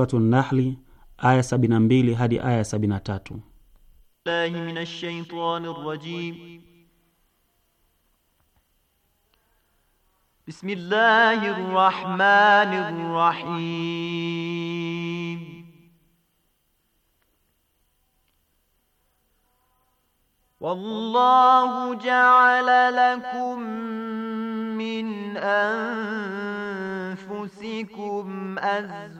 Suratu Nahli aya 72 hadi aya 73. Billahi minash shaitanir rajim. Bismillahir rahmanir rahim. والله جعل لكم من أنفسكم أزواجا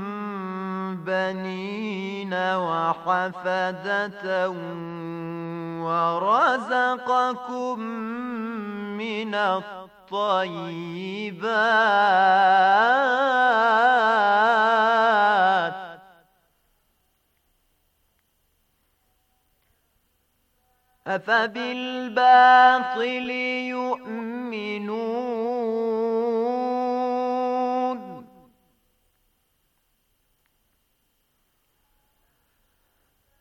البنين وحفدة ورزقكم من الطيبات أفبالباطل يؤمنون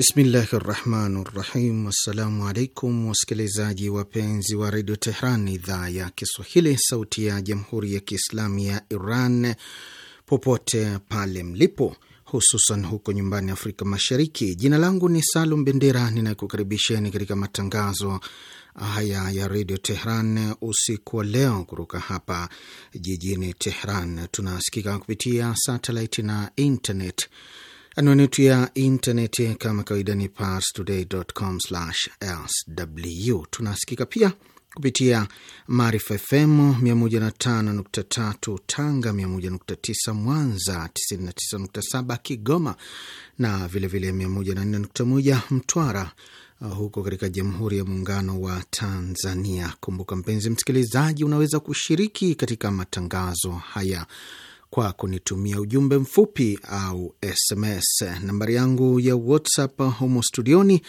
Bismillahi rahmani rahim. Assalamu alaikum wasikilizaji wapenzi wa redio Tehran, idhaa ya Kiswahili, sauti ya jamhuri ya kiislamu ya Iran, popote pale mlipo, hususan huko nyumbani Afrika Mashariki. Jina langu ni Salum Bendera, ninakukaribisheni katika matangazo haya ya redio Tehran usiku wa leo kutoka hapa jijini Tehran. Tunasikika kupitia satelit na internet. Anwani yetu ya intaneti kama kawaida ni parstoday.com/sw. Tunasikika pia kupitia Maarifa FM 105.3 Tanga, 101.9 Mwanza, 99.7 Kigoma na vilevile 104.1 Mtwara uh, huko katika Jamhuri ya Muungano wa Tanzania. Kumbuka mpenzi msikilizaji, unaweza kushiriki katika matangazo haya kwa kunitumia ujumbe mfupi au SMS. Nambari yangu ya WhatsApp humo studioni,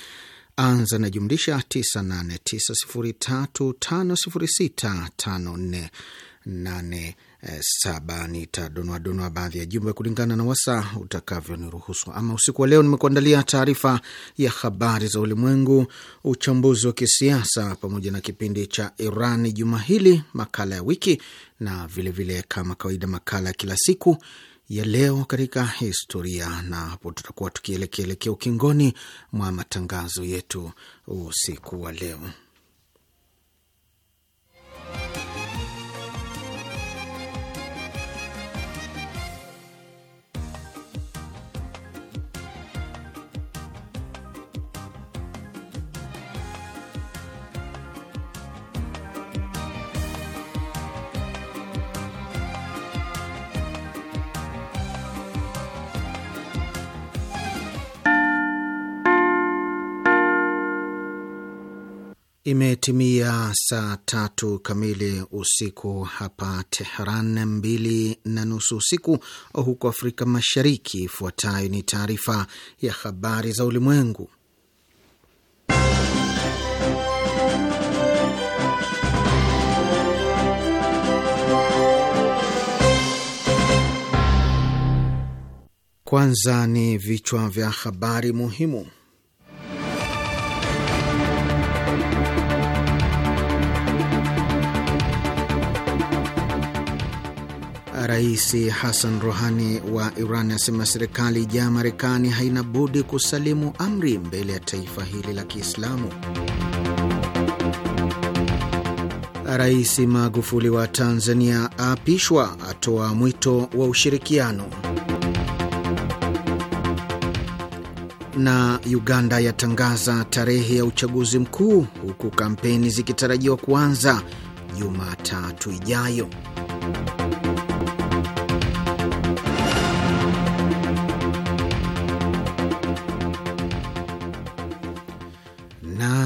anza na jumlisha 9890350654 Eh, saba. Nitadonoadonoa baadhi ya jumbe kulingana na wasaa utakavyoniruhusu. Ama usiku wa leo nimekuandalia taarifa ya habari za ulimwengu, uchambuzi wa kisiasa, pamoja na kipindi cha Iran juma hili, makala ya wiki na vilevile vile kama kawaida makala ya kila siku ya leo katika historia, na hapo tutakuwa tukielekeelekea ukingoni mwa matangazo yetu usiku wa leo. Imetimia saa tatu kamili usiku hapa Teheran, mbili na nusu usiku huko Afrika Mashariki. Ifuatayo ni taarifa ya habari za ulimwengu, kwanza ni vichwa vya habari muhimu. Rais Hassan Rohani wa Iran asema serikali ya Marekani haina budi kusalimu amri mbele ya taifa hili la Kiislamu. Rais Magufuli wa Tanzania aapishwa, atoa mwito wa ushirikiano. Na Uganda yatangaza tarehe ya uchaguzi mkuu, huku kampeni zikitarajiwa kuanza Jumatatu ijayo.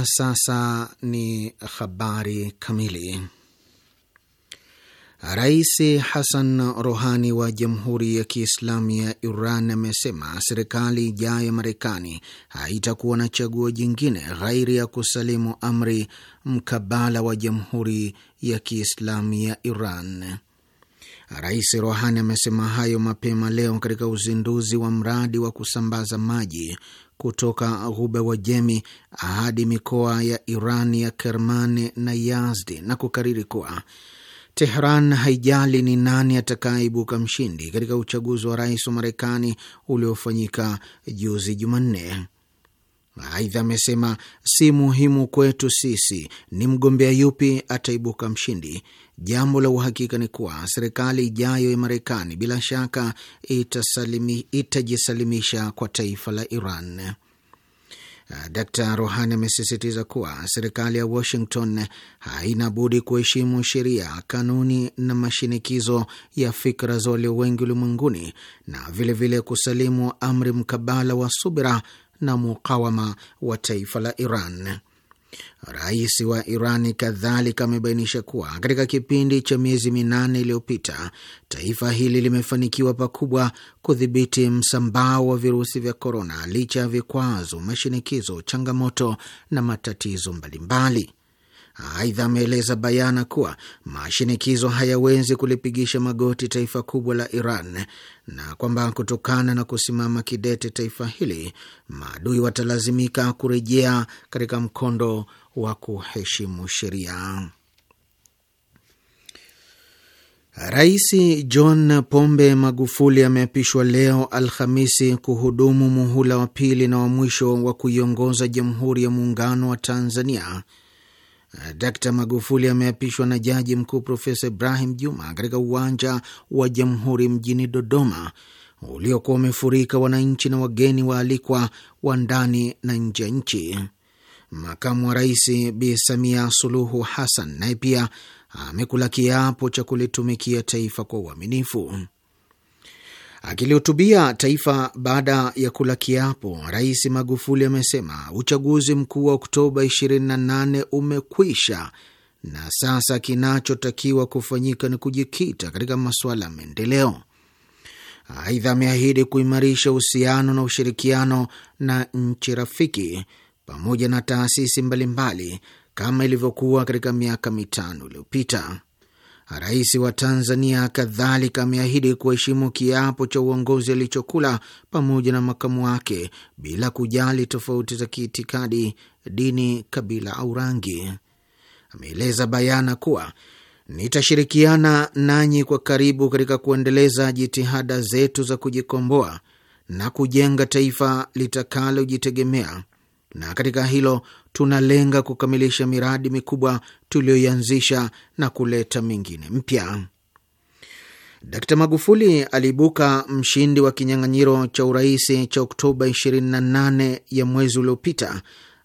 sasa ni habari kamili. Rais Hassan Rohani wa Jamhuri ya Kiislamu ya Iran amesema serikali ijayo ya Marekani haitakuwa na chaguo jingine ghairi ya kusalimu amri mkabala wa Jamhuri ya Kiislamu ya Iran. Rais Rohani amesema hayo mapema leo katika uzinduzi wa mradi wa kusambaza maji kutoka ghuba Wajemi hadi mikoa ya Iran ya Kerman na Yazdi na kukariri kuwa Tehran haijali ni nani atakayeibuka mshindi katika uchaguzi wa rais wa Marekani uliofanyika juzi Jumanne. Aidha amesema si muhimu kwetu sisi ni mgombea yupi ataibuka mshindi, Jambo la uhakika ni kuwa serikali ijayo ya Marekani bila shaka itasalimi, itajisalimisha kwa taifa la Iran. Uh, Dr Rohani amesisitiza kuwa serikali ya Washington haina budi kuheshimu sheria, kanuni na mashinikizo ya fikra za walio wengi ulimwenguni na vilevile vile kusalimu amri mkabala wa subira na mukawama wa taifa la Iran. Rais wa Irani kadhalika amebainisha kuwa katika kipindi cha miezi minane iliyopita taifa hili limefanikiwa pakubwa kudhibiti msambao wa virusi vya korona licha ya vikwazo, mashinikizo, changamoto na matatizo mbalimbali. Aidha, ameeleza bayana kuwa mashinikizo hayawezi kulipigisha magoti taifa kubwa la Iran na kwamba kutokana na kusimama kidete taifa hili, maadui watalazimika kurejea katika mkondo wa kuheshimu sheria. Rais John Pombe Magufuli ameapishwa leo Alhamisi kuhudumu muhula wa pili na wa mwisho wa kuiongoza Jamhuri ya Muungano wa Tanzania Dkt Magufuli ameapishwa na Jaji Mkuu Profesa Ibrahim Juma katika uwanja wa Jamhuri mjini Dodoma uliokuwa umefurika wananchi na wageni waalikwa wa ndani na nje ya nchi. Makamu wa Rais Bi Samia Suluhu Hassan naye pia amekula kiapo cha kulitumikia taifa kwa uaminifu. Akilihutubia taifa baada ya kula kiapo, Rais Magufuli amesema uchaguzi mkuu wa Oktoba 28 umekwisha na sasa kinachotakiwa kufanyika ni kujikita katika masuala ya maendeleo. Aidha, ameahidi kuimarisha uhusiano na ushirikiano na nchi rafiki pamoja na taasisi mbalimbali kama ilivyokuwa katika miaka mitano iliyopita. Rais wa Tanzania kadhalika ameahidi kuheshimu kiapo cha uongozi alichokula pamoja na makamu wake bila kujali tofauti za kiitikadi, dini, kabila au rangi. Ameeleza bayana kuwa nitashirikiana nanyi kwa karibu katika kuendeleza jitihada zetu za kujikomboa na kujenga taifa litakalojitegemea na katika hilo tunalenga kukamilisha miradi mikubwa tuliyoianzisha na kuleta mingine mpya. Dkt Magufuli aliibuka mshindi wa kinyang'anyiro cha urais cha Oktoba 28 ya mwezi uliopita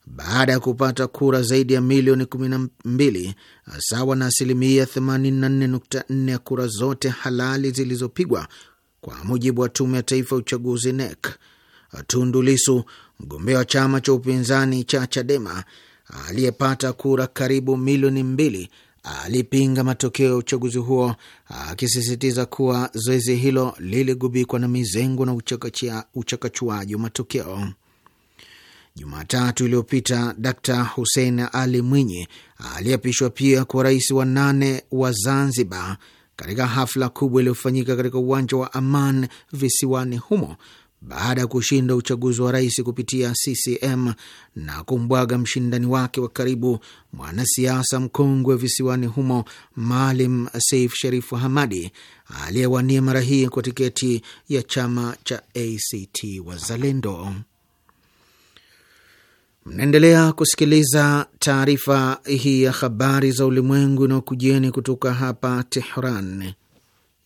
baada ya kupata kura zaidi ya milioni 12 sawa na asilimia 84.4 ya kura zote halali zilizopigwa kwa mujibu wa Tume ya Taifa ya Uchaguzi NEC. Tundu Lisu mgombea wa chama cha upinzani cha Chadema aliyepata kura karibu milioni mbili alipinga matokeo ya uchaguzi huo akisisitiza kuwa zoezi hilo liligubikwa na mizengo na uchakachuaji wa matokeo. Jumatatu iliyopita d Hussein Ali Mwinyi aliyeapishwa pia kwa rais wa nane wa Zanzibar katika hafla kubwa iliyofanyika katika uwanja wa Aman visiwani humo baada ya kushinda uchaguzi wa rais kupitia CCM na kumbwaga mshindani wake wa karibu mwanasiasa mkongwe visiwani humo Maalim Seif Sharifu Hamadi aliyewania mara hii kwa tiketi ya chama cha ACT Wazalendo. Mnaendelea kusikiliza taarifa hii ya habari za ulimwengu na kutoka hapa Tehran,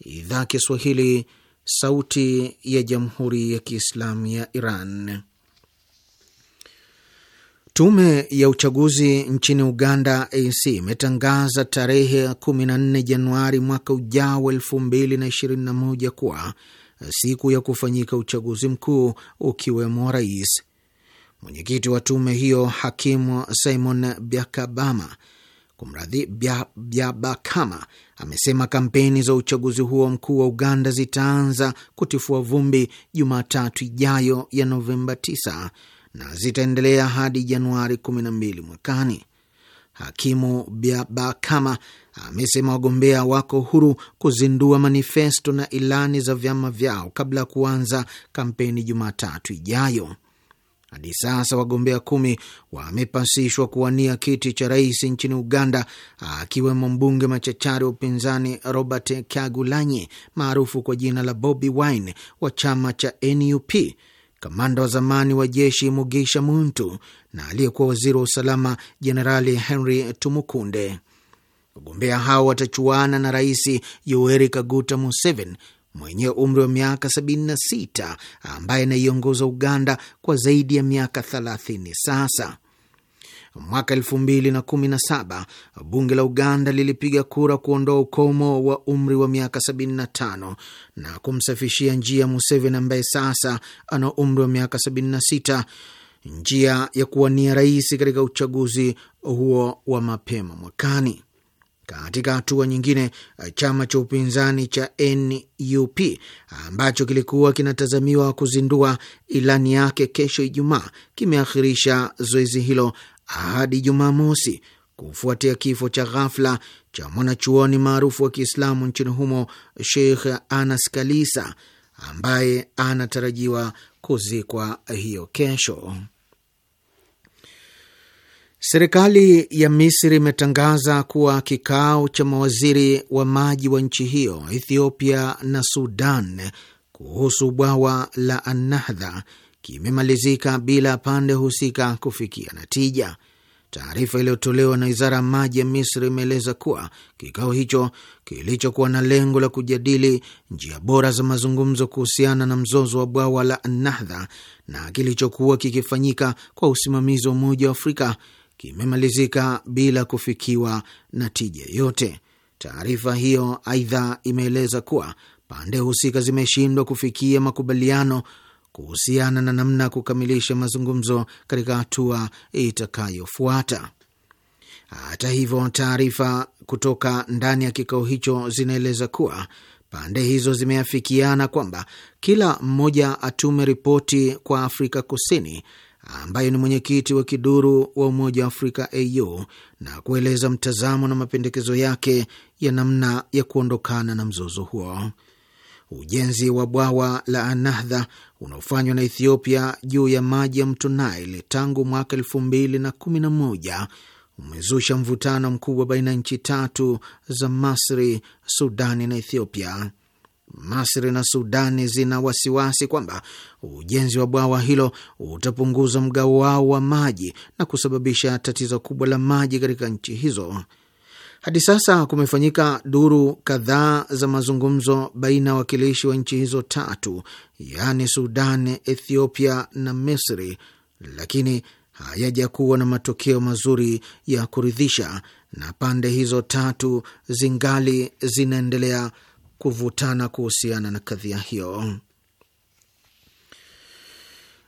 idhaa Kiswahili Sauti ya Jamhuri ya Kiislamu ya Iran. Tume ya uchaguzi nchini Uganda, ac imetangaza tarehe 14 Januari mwaka ujao 2021 kuwa siku ya kufanyika uchaguzi mkuu ukiwemo rais. Mwenyekiti wa tume hiyo Hakimu Simon Byakabama Kumradhi, Byabakama amesema kampeni za uchaguzi huo mkuu wa Uganda zitaanza kutifua vumbi Jumatatu ijayo ya Novemba 9 na zitaendelea hadi Januari 12 mwakani. Hakimu Byabakama amesema wagombea wako huru kuzindua manifesto na ilani za vyama vyao kabla ya kuanza kampeni Jumatatu ijayo. Hadi sasa wagombea kumi wamepasishwa kuwania kiti cha rais nchini Uganda, akiwemo mbunge machachari wa upinzani Robert Kyagulanyi maarufu kwa jina la Bobi Wine wa chama cha NUP, kamanda wa zamani wa jeshi Mugisha Muntu na aliyekuwa waziri wa usalama Jenerali Henry Tumukunde. Wagombea hao watachuana na Rais Yoweri Kaguta Museveni mwenye umri wa miaka 76 ambaye anaiongoza Uganda kwa zaidi ya miaka 30 sasa. Mwaka 2017 bunge la Uganda lilipiga kura kuondoa ukomo wa umri wa miaka 75 na kumsafishia njia Museveni ambaye sasa ana umri wa miaka 76 njia ya kuwania rais katika uchaguzi huo wa mapema mwakani. Katika hatua nyingine, eh, chama cha upinzani cha NUP eh, ambacho kilikuwa kinatazamiwa kuzindua ilani yake kesho Ijumaa kimeakhirisha zoezi hilo hadi Jumamosi kufuatia kifo cha ghafla cha mwanachuoni maarufu wa Kiislamu nchini humo Sheikh Anas Kalisa ambaye anatarajiwa kuzikwa hiyo kesho. Serikali ya Misri imetangaza kuwa kikao cha mawaziri wa maji wa nchi hiyo, Ethiopia na Sudan kuhusu bwawa la Annahdha kimemalizika bila pande husika kufikia natija. Taarifa iliyotolewa na wizara ya maji ya Misri imeeleza kuwa kikao hicho kilichokuwa na lengo la kujadili njia bora za mazungumzo kuhusiana na mzozo wa bwawa la Annahdha na kilichokuwa kikifanyika kwa usimamizi wa Umoja wa Afrika kimemalizika bila kufikiwa na tija yote. Taarifa hiyo aidha imeeleza kuwa pande husika zimeshindwa kufikia makubaliano kuhusiana na namna ya kukamilisha mazungumzo katika hatua itakayofuata. Hata hivyo, taarifa kutoka ndani ya kikao hicho zinaeleza kuwa pande hizo zimeafikiana kwamba kila mmoja atume ripoti kwa Afrika Kusini ambaye ni mwenyekiti wa kiduru wa Umoja wa Afrika AU na kueleza mtazamo na mapendekezo yake ya namna ya kuondokana na mzozo huo. Ujenzi wa bwawa la Anahdha unaofanywa na Ethiopia juu ya maji ya mto Nile tangu mwaka elfu mbili na kumi na moja umezusha mvutano mkubwa baina ya nchi tatu za Masri, Sudani na Ethiopia. Masri na Sudani zina wasiwasi kwamba ujenzi wa bwawa hilo utapunguza mgao wao wa maji na kusababisha tatizo kubwa la maji katika nchi hizo. Hadi sasa kumefanyika duru kadhaa za mazungumzo baina ya wakilishi wa nchi hizo tatu, yaani Sudan, Ethiopia na Misri, lakini hayajakuwa na matokeo mazuri ya kuridhisha, na pande hizo tatu zingali zinaendelea kuvutana kuhusiana na kadhia hiyo.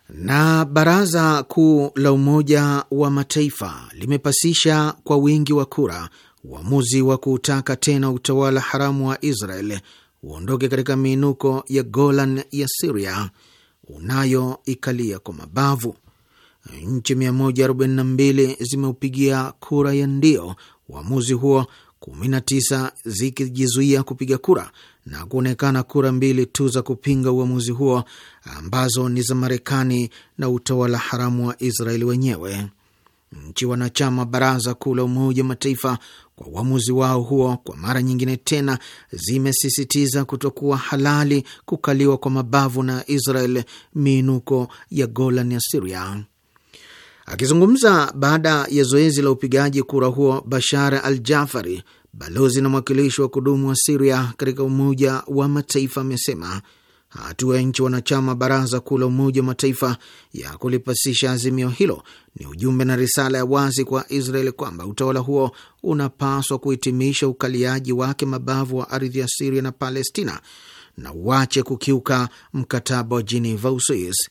Na baraza kuu la Umoja wa Mataifa limepasisha kwa wingi wa kura uamuzi wa kuutaka tena utawala haramu wa Israel uondoke katika miinuko ya Golan ya Siria unayoikalia kwa mabavu. Nchi 142 zimeupigia kura ya ndio uamuzi huo 19 zikijizuia kupiga kura na kuonekana kura mbili tu za kupinga uamuzi huo ambazo ni za Marekani na utawala haramu wa Israeli wenyewe. Nchi wanachama Baraza Kuu la Umoja wa Mataifa kwa uamuzi wao huo, kwa mara nyingine tena zimesisitiza kutokuwa halali kukaliwa kwa mabavu na Israel miinuko ya Golan ya Siria. Akizungumza baada ya zoezi la upigaji kura huo, Bashar al Jafari, Balozi na mwakilishi wa kudumu wa Siria katika Umoja wa Mataifa amesema hatua ya nchi wanachama Baraza Kuu la Umoja wa Mataifa ya kulipasisha azimio hilo ni ujumbe na risala ya wazi kwa Israeli kwamba utawala huo unapaswa kuhitimisha ukaliaji wake mabavu wa ardhi ya Siria na Palestina na uache kukiuka mkataba wa Geneva, Uswisi.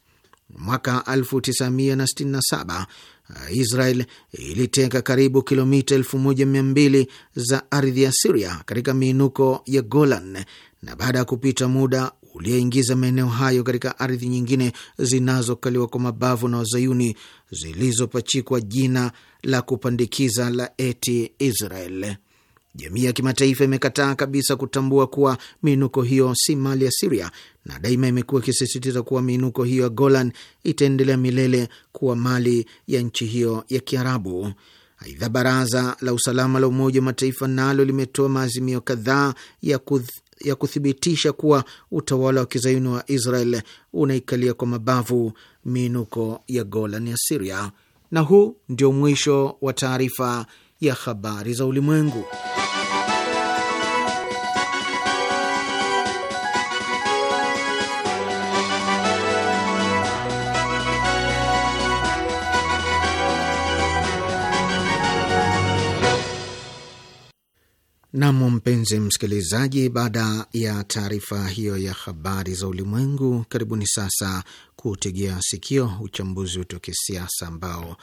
Mwaka 1967 Uh, Israel ilitenga karibu kilomita 1200 za ardhi ya Siria katika miinuko ya Golan na baada ya kupita muda uliyoingiza maeneo hayo katika ardhi nyingine zinazokaliwa kwa mabavu na wazayuni zilizopachikwa jina la kupandikiza la eti Israel. Jamii ya kimataifa imekataa kabisa kutambua kuwa miinuko hiyo si mali ya Siria na daima imekuwa ikisisitiza kuwa miinuko hiyo ya Golan itaendelea milele kuwa mali ya nchi hiyo ya Kiarabu. Aidha, baraza la usalama la Umoja wa Mataifa nalo limetoa maazimio kadhaa ya kuth ya kuthibitisha kuwa utawala wa kizayuni wa Israel unaikalia kwa mabavu miinuko ya Golan ya Siria. Na huu ndio mwisho wa taarifa ya habari za ulimwengu. Nam, mpenzi msikilizaji, baada ya taarifa hiyo ya habari za ulimwengu, karibuni sasa kutegea sikio uchambuzi wetu wa kisiasa ambao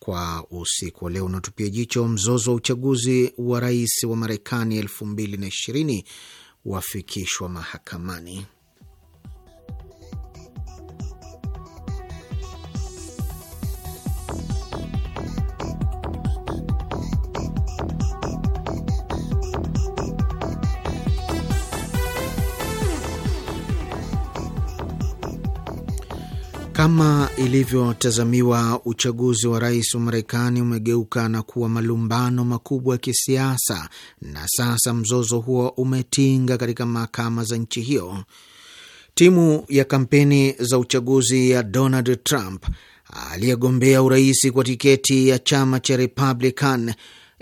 kwa usiku wa leo unatupia jicho mzozo wa uchaguzi wa rais wa Marekani elfu mbili na ishirini wafikishwa mahakamani. Kama ilivyotazamiwa, uchaguzi wa rais wa Marekani umegeuka na kuwa malumbano makubwa ya kisiasa, na sasa mzozo huo umetinga katika mahakama za nchi hiyo. Timu ya kampeni za uchaguzi ya Donald Trump aliyegombea urais kwa tiketi ya chama cha Republican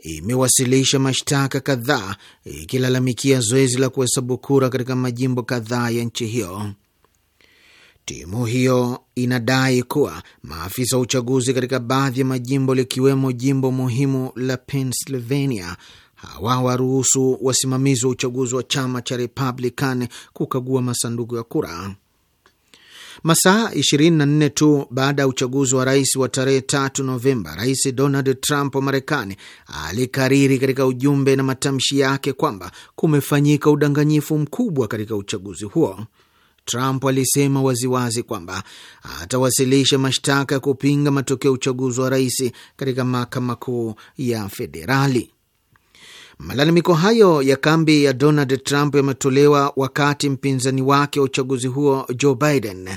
imewasilisha mashtaka kadhaa ikilalamikia zoezi la kuhesabu kura katika majimbo kadhaa ya nchi hiyo. Timu hiyo inadai kuwa maafisa wa uchaguzi katika baadhi ya majimbo likiwemo jimbo muhimu la Pennsylvania hawawaruhusu wasimamizi wa uchaguzi wa chama cha Republican kukagua masanduku ya kura. Masaa 24 tu baada ya uchaguzi wa rais wa tarehe 3 Novemba, Rais Donald Trump wa Marekani alikariri katika ujumbe na matamshi yake kwamba kumefanyika udanganyifu mkubwa katika uchaguzi huo. Trump alisema waziwazi kwamba atawasilisha mashtaka ya kupinga matokeo ya uchaguzi wa rais katika mahakama kuu ya federali. Malalamiko hayo ya kambi ya Donald Trump yametolewa wakati mpinzani wake wa uchaguzi huo Joe Biden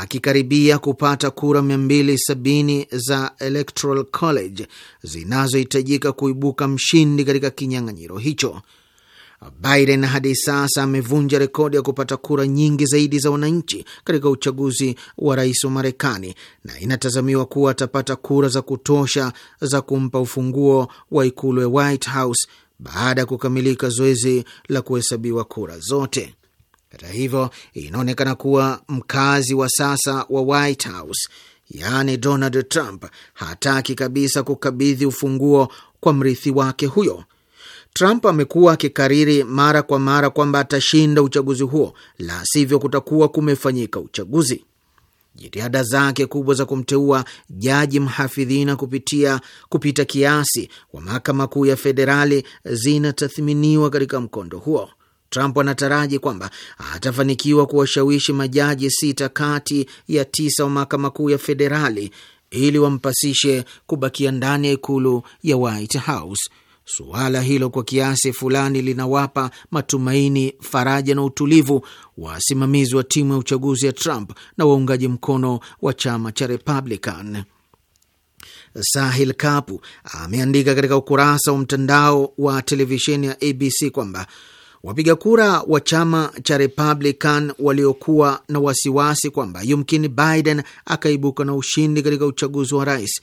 akikaribia kupata kura 270 za Electoral College zinazohitajika kuibuka mshindi katika kinyang'anyiro hicho. Biden hadi sasa amevunja rekodi ya kupata kura nyingi zaidi za wananchi katika uchaguzi wa rais wa Marekani na inatazamiwa kuwa atapata kura za kutosha za kumpa ufunguo wa ikulu ya White House baada ya kukamilika zoezi la kuhesabiwa kura zote. Hata hivyo, inaonekana kuwa mkazi wa sasa wa White House yaani Donald Trump hataki kabisa kukabidhi ufunguo kwa mrithi wake huyo Trump amekuwa akikariri mara kwa mara kwamba atashinda uchaguzi huo, la sivyo kutakuwa kumefanyika uchaguzi. Jitihada zake kubwa za kumteua jaji mhafidhina kupitia kupita kiasi wa mahakama kuu ya federali zinatathminiwa katika mkondo huo. Trump anataraji kwamba atafanikiwa kuwashawishi majaji sita kati ya tisa wa mahakama kuu ya federali ili wampasishe kubakia ndani ya ikulu ya White House. Suala hilo kwa kiasi fulani linawapa matumaini, faraja na utulivu wasimamizi wa timu ya uchaguzi ya Trump na waungaji mkono wa chama cha Republican. Sahil Kapu ameandika katika ukurasa wa mtandao wa televisheni ya ABC kwamba wapiga kura wa chama cha Republican waliokuwa na wasiwasi kwamba yumkini Biden akaibuka na ushindi katika uchaguzi wa rais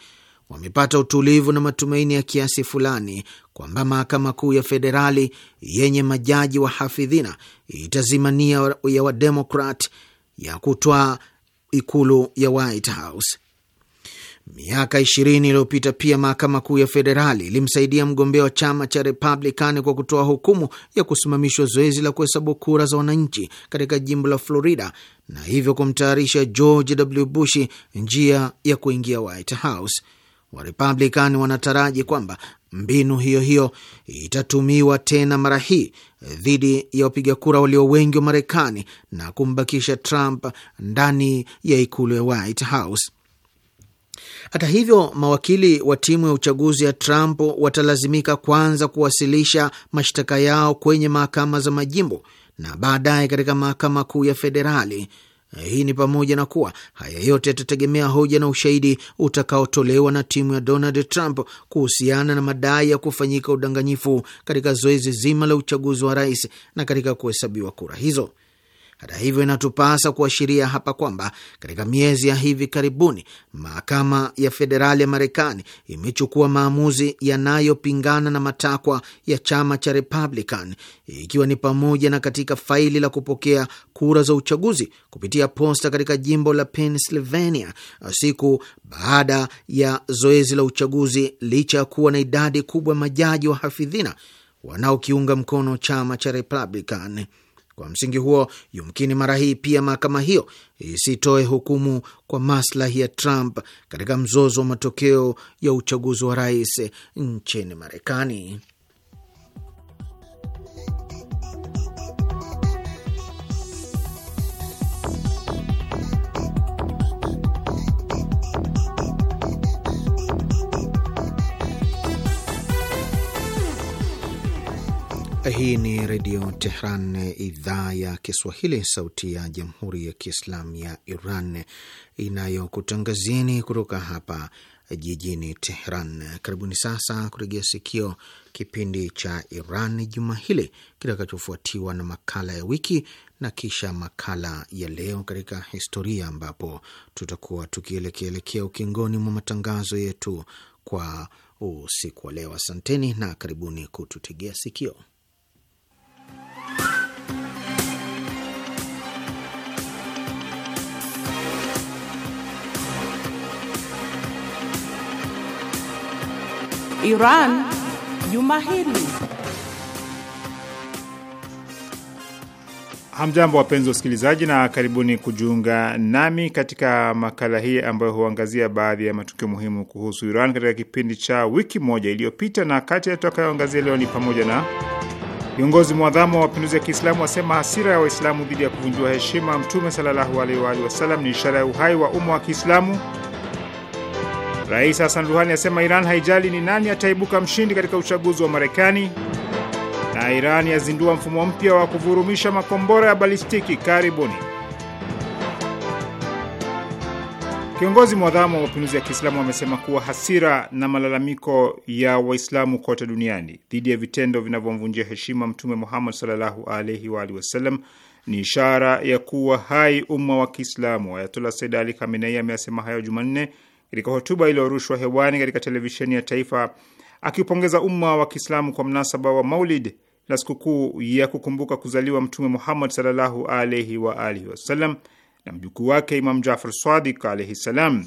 wamepata utulivu na matumaini ya kiasi fulani kwamba mahakama kuu ya federali yenye majaji wa hafidhina itazimania ya wademokrat ya kutwa ikulu ya White House. Miaka ishirini iliyopita pia mahakama kuu ya federali ilimsaidia mgombea wa chama cha Republican kwa kutoa hukumu ya kusimamishwa zoezi la kuhesabu kura za wananchi katika jimbo la Florida na hivyo kumtayarisha George W. Bush njia ya kuingia White House. Warepublican wanataraji kwamba mbinu hiyo hiyo itatumiwa tena mara hii dhidi ya wapiga kura walio wengi wa Marekani na kumbakisha Trump ndani ya ikulu ya White House. Hata hivyo, mawakili wa timu ya uchaguzi ya Trump watalazimika kwanza kuwasilisha mashtaka yao kwenye mahakama za majimbo na baadaye katika mahakama kuu ya federali hii ni pamoja na kuwa haya yote yatategemea hoja na ushahidi utakaotolewa na timu ya Donald Trump kuhusiana na madai ya kufanyika udanganyifu katika zoezi zima la uchaguzi wa rais na katika kuhesabiwa kura hizo. Hata hivyo, inatupasa kuashiria hapa kwamba katika miezi ya hivi karibuni mahakama ya federali ya Marekani imechukua maamuzi yanayopingana na matakwa ya chama cha Republican, ikiwa ni pamoja na katika faili la kupokea kura za uchaguzi kupitia posta katika jimbo la Pennsylvania siku baada ya zoezi la uchaguzi, licha ya kuwa na idadi kubwa ya majaji wa hafidhina wanaokiunga mkono chama cha Republican. Kwa msingi huo, yumkini mara hii pia mahakama hiyo isitoe hukumu kwa maslahi ya Trump katika mzozo wa matokeo ya uchaguzi wa rais nchini Marekani. Hii ni Redio Tehran, idhaa ya Kiswahili, sauti ya Jamhuri ya Kiislamu ya Iran inayokutangazieni kutoka hapa jijini Tehran. Karibuni sasa kuregea sikio kipindi cha Iran juma hili kitakachofuatiwa na makala ya wiki na kisha makala ya leo katika historia, ambapo tutakuwa tukielekeelekea ukingoni mwa matangazo yetu kwa usiku wa leo. Asanteni na karibuni kututegea sikio. Iran juma hili. Hamjambo, wapenzi wasikilizaji, na karibuni kujiunga nami katika makala hii ambayo huangazia baadhi ya matukio muhimu kuhusu Iran katika kipindi cha wiki moja iliyopita, na kati ya tutakayoangazia leo ni pamoja na viongozi mwadhamu wa mapinduzi ya Kiislamu wasema hasira ya Waislamu dhidi ya kuvunjiwa heshima Mtume sallallahu alaihi wasallam ni ishara ya uhai wa umma wa Kiislamu. Rais hassan Ruhani asema Iran haijali ni nani ataibuka mshindi katika uchaguzi wa Marekani, na Iran yazindua mfumo mpya wa kuvurumisha makombora ya balistiki. Karibuni. Kiongozi mwadhamu wa mapinduzi ya Kiislamu amesema kuwa hasira na malalamiko ya Waislamu kote duniani dhidi ya vitendo vinavyomvunjia heshima Mtume Muhammad sallallahu alaihi wa alihi wasallam ni ishara ya kuwa hai umma wa Kiislamu. Ayatollah Said Ali Khamenei ameyasema hayo Jumanne katika hotuba iliyorushwa hewani katika televisheni ya taifa akiupongeza umma wa Kiislamu kwa mnasaba wa Maulid na sikukuu ya kukumbuka kuzaliwa Mtume Muhammad sallallahu alaihi wa alihi wasallam na mjukuu wake Imam Jafar Swadik alaihi salam.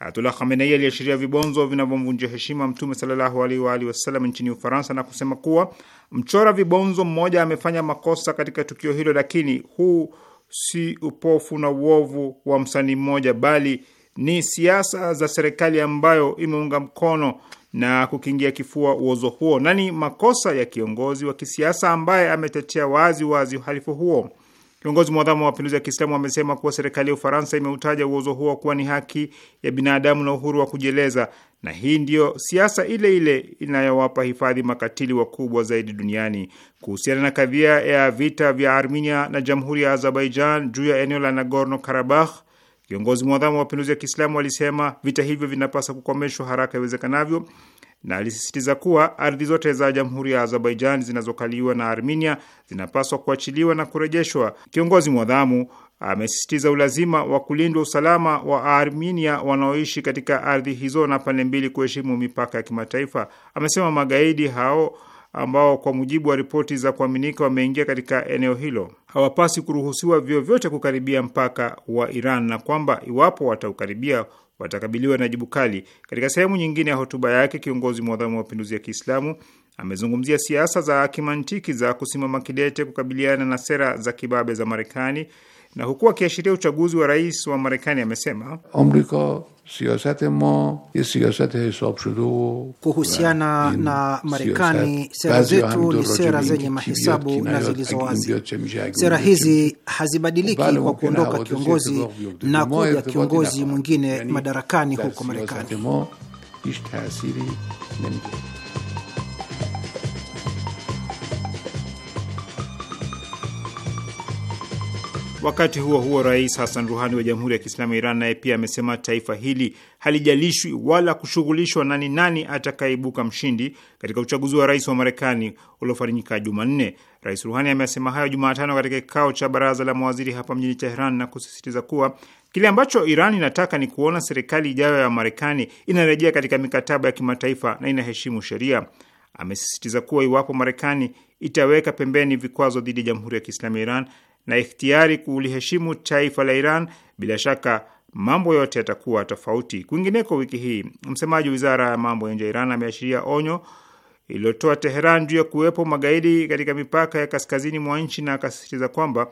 Ayatullah Khamenei aliashiria vibonzo vinavyomvunjia heshima Mtume sallallahu alaihi wa alihi wasallam nchini Ufaransa na kusema kuwa mchora vibonzo mmoja amefanya makosa katika tukio hilo, lakini huu si upofu na uovu wa msanii mmoja, bali ni siasa za serikali ambayo imeunga mkono na kukingia kifua uozo huo na ni makosa ya kiongozi wa kisiasa ambaye ametetea wazi wazi uhalifu huo. Kiongozi mwadhamu wa mapinduzi ya Kiislamu amesema kuwa serikali ya Ufaransa imeutaja uozo huo kuwa ni haki ya binadamu na uhuru wa kujieleza, na hii ndiyo siasa ile ile inayowapa hifadhi makatili wakubwa zaidi duniani. Kuhusiana na kadhia ya vita vya Armenia na jamhuri ya Azerbaijan juu ya eneo la Nagorno Karabakh, Kiongozi mwadhamu wa mapinduzi ya Kiislamu alisema vita hivyo vinapaswa kukomeshwa haraka iwezekanavyo, na alisisitiza kuwa ardhi zote za jamhuri ya Azerbaijan zinazokaliwa na Armenia zinapaswa kuachiliwa na kurejeshwa. Kiongozi mwadhamu amesisitiza ulazima wa kulindwa usalama wa Armenia wanaoishi katika ardhi hizo na pande mbili kuheshimu mipaka ya kimataifa. Amesema magaidi hao ambao kwa mujibu wa ripoti za kuaminika wameingia katika eneo hilo hawapasi kuruhusiwa vyovyote kukaribia mpaka wa Iran na kwamba iwapo wataukaribia watakabiliwa na jibu kali. Katika sehemu nyingine ya hotuba yake, kiongozi mwadhamu wa mapinduzi ya Kiislamu amezungumzia siasa za kimantiki za kusimama kidete kukabiliana na sera za kibabe za Marekani na huku akiashiria uchaguzi wa rais wa Marekani amesema kuhusiana na Marekani, sera zetu ni sera zenye mahesabu na zilizo wazi. Sera hizi hazibadiliki kwa kuondoka kiongozi na kuja kiongozi mwingine madarakani huko Marekani. Wakati huo huo, Rais Hassan Ruhani wa Jamhuri ya Kiislamu ya Iran naye pia amesema taifa hili halijalishwi wala kushughulishwa na ni nani atakayeibuka mshindi katika uchaguzi wa rais wa Marekani uliofanyika Jumanne. Rais Ruhani amesema hayo Jumatano katika kikao cha baraza la mawaziri hapa mjini Tehran na kusisitiza kuwa kile ambacho Iran inataka ni kuona serikali ijayo ya Marekani inarejea katika mikataba ya kimataifa na inaheshimu sheria. Amesisitiza kuwa iwapo Marekani itaweka pembeni vikwazo dhidi ya Jamhuri ya Kiislamu ya Iran na ikhtiari kuliheshimu taifa la Iran, bila shaka mambo yote yatakuwa tofauti. Kwingineko, wiki hii msemaji wa wizara ya mambo ya nje ya Iran ameashiria onyo iliyotoa Teheran juu ya kuwepo magaidi katika mipaka ya kaskazini mwa nchi na akasisitiza kwamba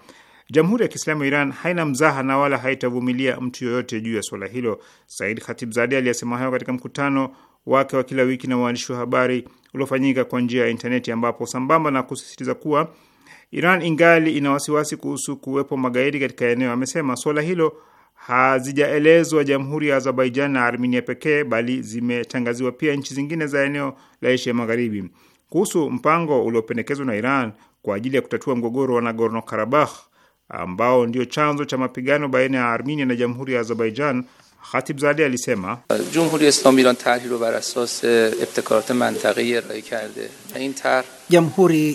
Jamhuri ya Kiislamu ya Iran haina mzaha na wala haitavumilia mtu yoyote juu ya suala hilo. Said Khatibzadeh aliyesema hayo katika mkutano wake wa kila wiki na waandishi wa habari uliofanyika kwa njia ya intaneti, ambapo sambamba na kusisitiza kuwa Iran ingali ina wasiwasi kuhusu kuwepo magaidi katika eneo. Amesema suala hilo hazijaelezwa Jamhuri ya Azerbaijan na Armenia pekee, bali zimetangaziwa pia nchi zingine za eneo la Asia Magharibi. Kuhusu mpango uliopendekezwa na Iran kwa ajili ya kutatua mgogoro wa Nagorno Karabakh ambao ndio chanzo cha mapigano baina ya Armenia na Jamhuri ya Azerbaijan, Khatibzadeh alisema eh, Jamhuri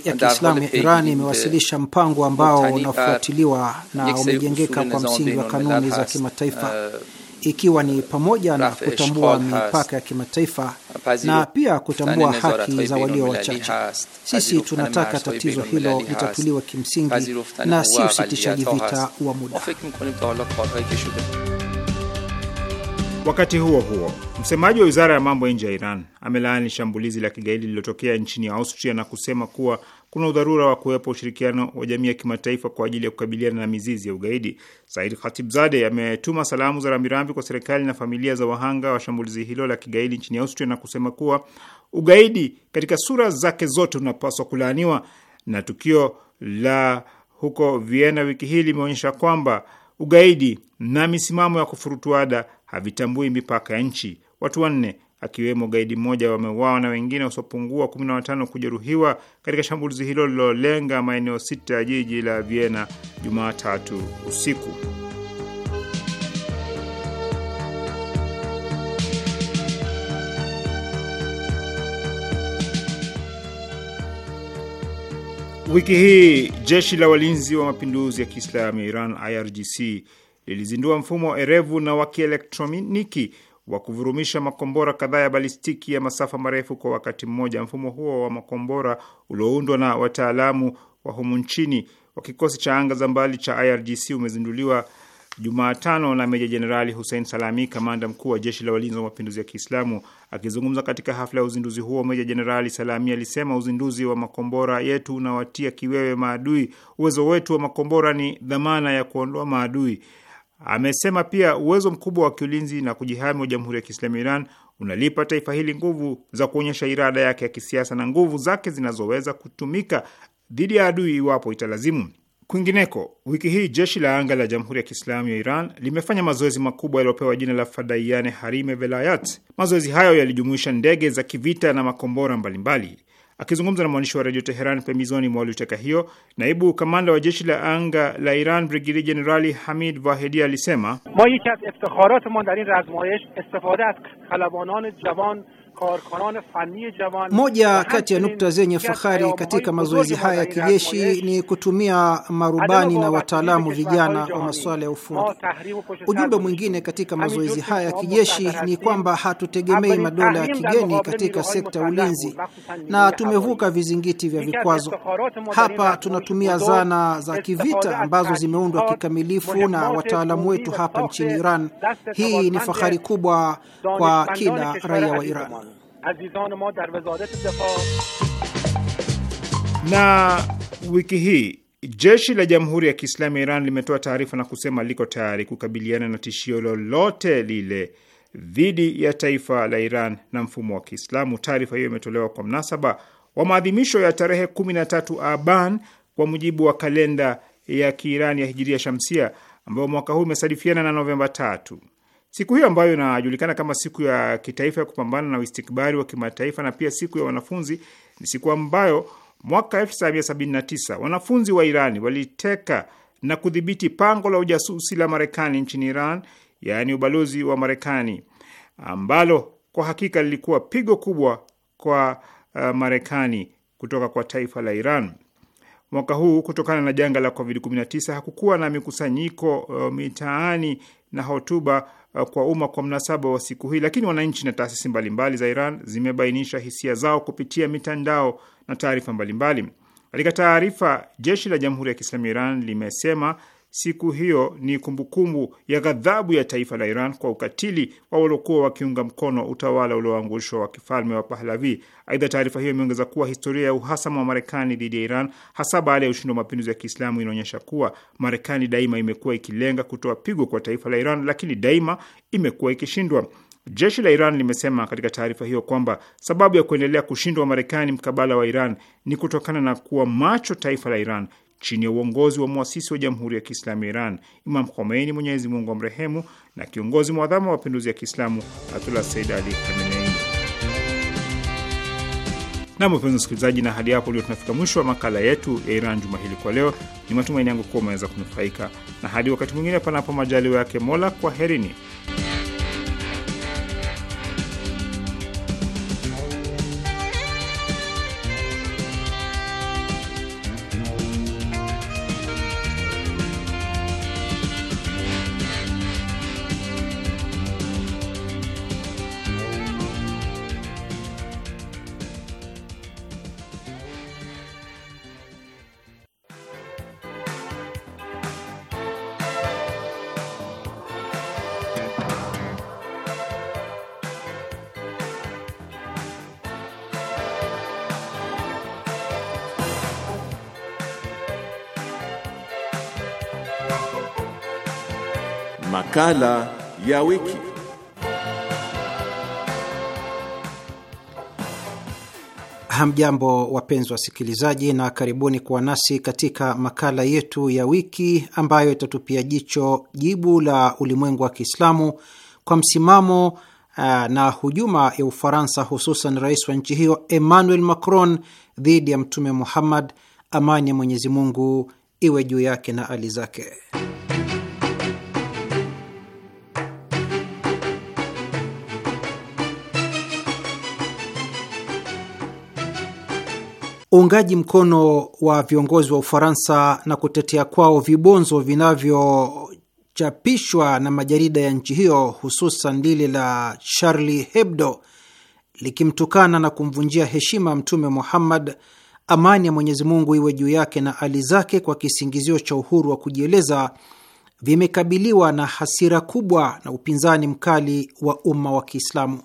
ya Kiislamu ya Iran imewasilisha mpango ambao unafuatiliwa na umejengeka kwa msingi wa kanuni za kimataifa, eh, ikiwa ni pamoja na kutambua mipaka ya kimataifa na pia kutambua haki za walio wachache. Sisi tunataka tatizo hilo litatuliwe kimsingi na si usitishaji vita wa muda. Wakati huo huo, msemaji wa wizara ya mambo ya nje ya Iran amelaani shambulizi la kigaidi lililotokea nchini Austria na kusema kuwa kuna udharura wa kuwepo ushirikiano wa jamii ya kimataifa kwa ajili ya kukabiliana na mizizi ya ugaidi. Said Khatibzade ametuma salamu za rambirambi kwa serikali na familia za wahanga wa shambulizi hilo la kigaidi nchini Austria na kusema kuwa ugaidi katika sura zake zote unapaswa kulaaniwa, na tukio la huko Vienna wiki hii limeonyesha kwamba ugaidi na misimamo ya kufurutuada havitambui mipaka ya nchi. Watu wanne akiwemo gaidi mmoja wameuawa na wengine wasiopungua kumi na watano kujeruhiwa katika shambulizi hilo lilolenga maeneo sita ya jiji la Vienna Jumatatu usiku. Wiki hii jeshi la walinzi wa mapinduzi ya Kiislamu ya Iran IRGC lilizindua mfumo wa erevu na wa kielektroniki wa kuvurumisha makombora kadhaa ya balistiki ya masafa marefu kwa wakati mmoja. Mfumo huo wa makombora ulioundwa na wataalamu wa humu nchini wa kikosi cha anga za mbali cha IRGC umezinduliwa Jumatano na Meja Jenerali Hussein Salami, kamanda mkuu wa jeshi la walinzi wa mapinduzi ya Kiislamu. Akizungumza katika hafla ya uzinduzi huo, Meja Jenerali Salami alisema uzinduzi wa makombora yetu unawatia kiwewe maadui. Uwezo wetu wa makombora ni dhamana ya kuondoa maadui. Amesema pia uwezo mkubwa wa kiulinzi na kujihami wa Jamhuri ya Kiislamu ya Iran unalipa taifa hili nguvu za kuonyesha irada yake ya kisiasa na nguvu zake zinazoweza kutumika dhidi ya adui iwapo italazimu. Kwingineko, wiki hii jeshi la anga la Jamhuri ya Kiislamu ya Iran limefanya mazoezi makubwa yaliyopewa jina la Fadaiane Harime Velayat. Mazoezi hayo yalijumuisha ndege za kivita na makombora mbalimbali. Akizungumza na mwandishi wa redio Teheran pembezoni mwa luteka hiyo, naibu kamanda wa jeshi la anga la Iran Brigedi Jenerali Hamid Vahedi alisema ma yeki az iftiharateman dar in razmayish istifade az kalabanan javan moja kati ya nukta zenye fahari katika mazoezi haya ya kijeshi ni kutumia marubani na wataalamu vijana wa masuala ya ufundi. Ujumbe mwingine katika mazoezi haya ya kijeshi ni kwamba hatutegemei madola ya kigeni katika sekta ya ulinzi na tumevuka vizingiti vya vikwazo. Hapa tunatumia zana za kivita ambazo zimeundwa kikamilifu na wataalamu wetu hapa nchini Iran. Hii ni fahari kubwa kwa kila raia wa Iran. عزیزان ما در وزارت دفاع na wiki hii jeshi la Jamhuri ya Kiislamu ya Iran limetoa taarifa na kusema liko tayari kukabiliana na tishio lolote lile dhidi ya taifa la Iran na mfumo wa Kiislamu. Taarifa hiyo imetolewa kwa mnasaba wa maadhimisho ya tarehe 13 Aban kwa mujibu wa kalenda ya Kiirani ya Hijiria Shamsia, ambayo mwaka huu imesadifiana na Novemba tatu. Siku hiyo ambayo inajulikana kama siku ya kitaifa ya kupambana na uistikbari wa kimataifa na pia siku ya wanafunzi, ni siku ambayo mwaka 1979 wanafunzi wa Irani waliteka na kudhibiti pango la ujasusi la Marekani nchini Iran, yaani ubalozi wa Marekani, ambalo kwa hakika lilikuwa pigo kubwa kwa uh, Marekani kutoka kwa taifa la Iran. Mwaka huu kutokana na janga la COVID-19 hakukuwa na mikusanyiko uh, mitaani na hotuba Uh, kwa umma kwa mnasaba wa siku hii, lakini wananchi na taasisi mbalimbali za Iran zimebainisha hisia zao kupitia mitandao na taarifa mbalimbali. Katika taarifa, jeshi la Jamhuri ya Kiislamu ya Iran limesema siku hiyo ni kumbukumbu ya ghadhabu ya taifa la Iran kwa ukatili wa waliokuwa wakiunga mkono utawala ulioangushwa wa kifalme wa Pahlavi. Aidha, taarifa hiyo imeongeza kuwa historia ya uhasama wa Marekani dhidi ya Iran, hasa baada ya ushindi wa mapinduzi ya Kiislamu, inaonyesha kuwa Marekani daima imekuwa ikilenga kutoa pigo kwa taifa la Iran, lakini daima imekuwa ikishindwa. Jeshi la Iran limesema katika taarifa hiyo kwamba sababu ya kuendelea kushindwa Marekani mkabala wa Iran ni kutokana na kuwa macho taifa la Iran chini ya uongozi wa mwasisi wa Jamhuri ya Kiislamu ya Iran, Imam Khomeini, Mwenyezi Mungu amrehemu, na kiongozi mwadhamu wa mapinduzi ya Kiislamu Ayatullah Sayyid Ali Khamenei. Nam, mpenzi msikilizaji, na hadi hapo ndio tunafika mwisho wa makala yetu ya Iran juma hili kwa leo. Ni matumaini yangu kuwa umeweza kunufaika, na hadi wakati mwingine, panapo majaliwa yake Mola, kwaherini. Makala ya wiki. Hamjambo, wapenzi wasikilizaji, na karibuni kuwa nasi katika makala yetu ya wiki ambayo itatupia jicho jibu la ulimwengu wa Kiislamu kwa msimamo eh, na hujuma ya Ufaransa, hususan rais wa nchi hiyo Emmanuel Macron dhidi ya Mtume Muhammad, amani ya Mwenyezi Mungu iwe juu yake na ali zake. uungaji mkono wa viongozi wa Ufaransa na kutetea kwao vibonzo vinavyochapishwa na majarida ya nchi hiyo, hususan lile la Charlie Hebdo likimtukana na kumvunjia heshima Mtume Muhammad, amani ya Mwenyezi Mungu iwe juu yake, na ali zake, kwa kisingizio cha uhuru wa kujieleza, vimekabiliwa na hasira kubwa na upinzani mkali wa umma wa Kiislamu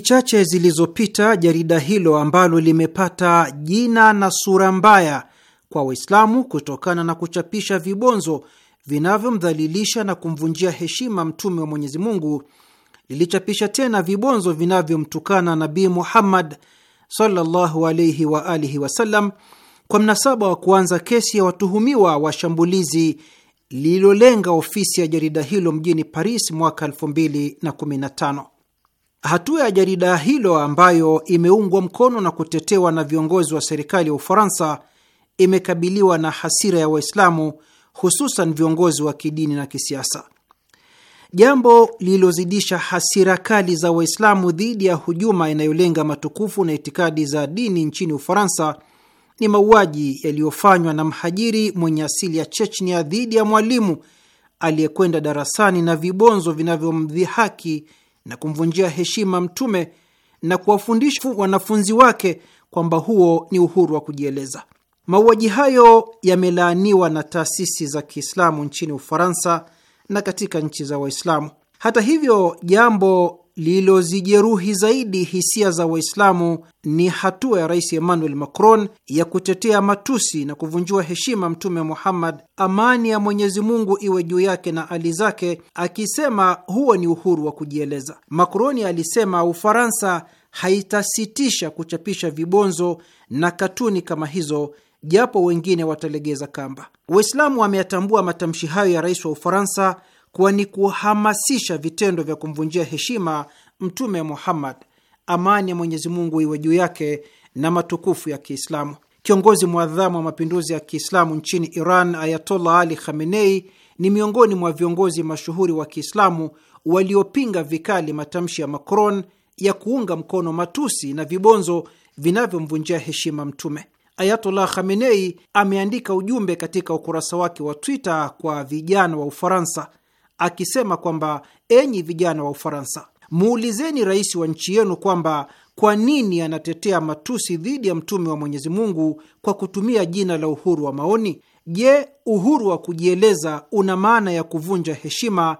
chache zilizopita jarida hilo ambalo limepata jina na sura mbaya kwa Waislamu kutokana na kuchapisha vibonzo vinavyomdhalilisha na kumvunjia heshima Mtume wa Mwenyezi Mungu lilichapisha tena vibonzo vinavyomtukana Nabii Muhammad sallallahu alayhi wa alihi wasallam kwa mnasaba wa kuanza kesi ya watuhumiwa wa shambulizi lililolenga ofisi ya jarida hilo mjini Paris mwaka 2015. Hatua ya jarida hilo ambayo imeungwa mkono na kutetewa na viongozi wa serikali ya Ufaransa imekabiliwa na hasira ya Waislamu, hususan viongozi wa kidini na kisiasa, jambo lililozidisha hasira kali za Waislamu dhidi ya hujuma inayolenga matukufu na itikadi za dini nchini Ufaransa. Ni mauaji yaliyofanywa na mhajiri mwenye asili ya Chechnia dhidi ya mwalimu aliyekwenda darasani na vibonzo vinavyomdhihaki na kumvunjia heshima Mtume na kuwafundisha wanafunzi wake kwamba huo ni uhuru wa kujieleza. Mauaji hayo yamelaaniwa na taasisi za Kiislamu nchini Ufaransa na katika nchi za Waislamu. Hata hivyo, jambo lililozijeruhi zaidi hisia za Waislamu ni hatua ya Rais Emmanuel Macron ya kutetea matusi na kuvunjia heshima Mtume Muhammad, amani ya Mwenyezi Mungu iwe juu yake na ali zake, akisema huo ni uhuru wa kujieleza. Macron alisema Ufaransa haitasitisha kuchapisha vibonzo na katuni kama hizo japo wengine watalegeza kamba. Waislamu wameyatambua matamshi hayo ya rais wa Ufaransa kuwa ni kuhamasisha vitendo vya kumvunjia heshima Mtume Muhammad, amani ya Mwenyezi Mungu iwe juu yake na matukufu ya Kiislamu. Kiongozi mwadhamu wa mapinduzi ya Kiislamu nchini Iran, Ayatollah Ali Khamenei, ni miongoni mwa viongozi mashuhuri wa Kiislamu waliopinga vikali matamshi ya Macron ya kuunga mkono matusi na vibonzo vinavyomvunjia heshima Mtume. Ayatollah Khamenei ameandika ujumbe katika ukurasa wake wa Twitter kwa vijana wa Ufaransa akisema kwamba enyi vijana wa Ufaransa, muulizeni rais wa nchi yenu kwamba kwa nini anatetea matusi dhidi ya mtume wa Mwenyezi Mungu kwa kutumia jina la uhuru wa maoni? Je, uhuru wa kujieleza una maana ya kuvunja heshima,